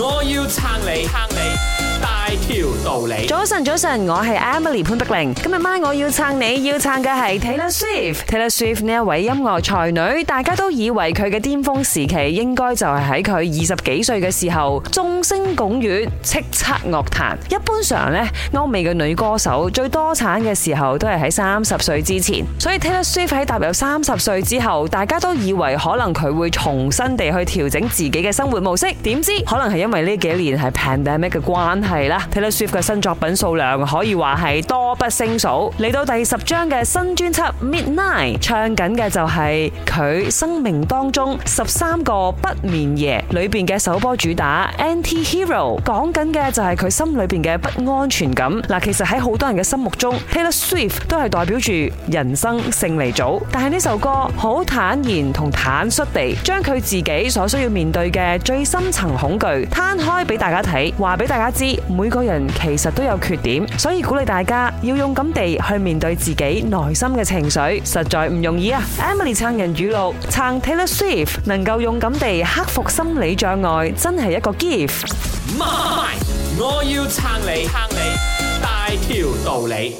我要撐你撐你大條道理。早晨早晨，我係 Emily 潘碧玲。今日晚我要撐你要撐嘅係 Taylor Swift。Taylor Swift 呢一位音樂才女，大家都以為佢嘅巔峰時期應該就係喺佢二十幾歲嘅時候，眾星拱月，叱咤樂壇。一般上呢，歐美嘅女歌手最多產嘅時候都係喺三十歲之前。所以 Taylor Swift 喺踏入三十歲之後，大家都以為可能佢會重新地去調整自己嘅生活模式。點知可能係因……因為呢幾年係 pandemic 嘅關係啦，Taylor Swift 嘅新作品數量可以話係多不勝數。嚟到第十張嘅新專輯《Midnight》，唱緊嘅就係佢生命當中十三個不眠夜裏邊嘅首波主打《Anti Hero》。講緊嘅就係佢心裏邊嘅不安全感。嗱，其實喺好多人嘅心目中，Taylor Swift 都係代表住人生勝利組。但係呢首歌好坦然同坦率地將佢自己所需要面對嘅最深層恐懼。攤開俾大家睇，話俾大家知，每個人其實都有缺點，所以鼓勵大家要勇敢地去面對自己內心嘅情緒，實在唔容易啊！Emily 撐人語錄，撐 Taylor Swift 能夠勇敢地克服心理障礙，真係一個 gift。MY，我要撐你，撐你大條道理。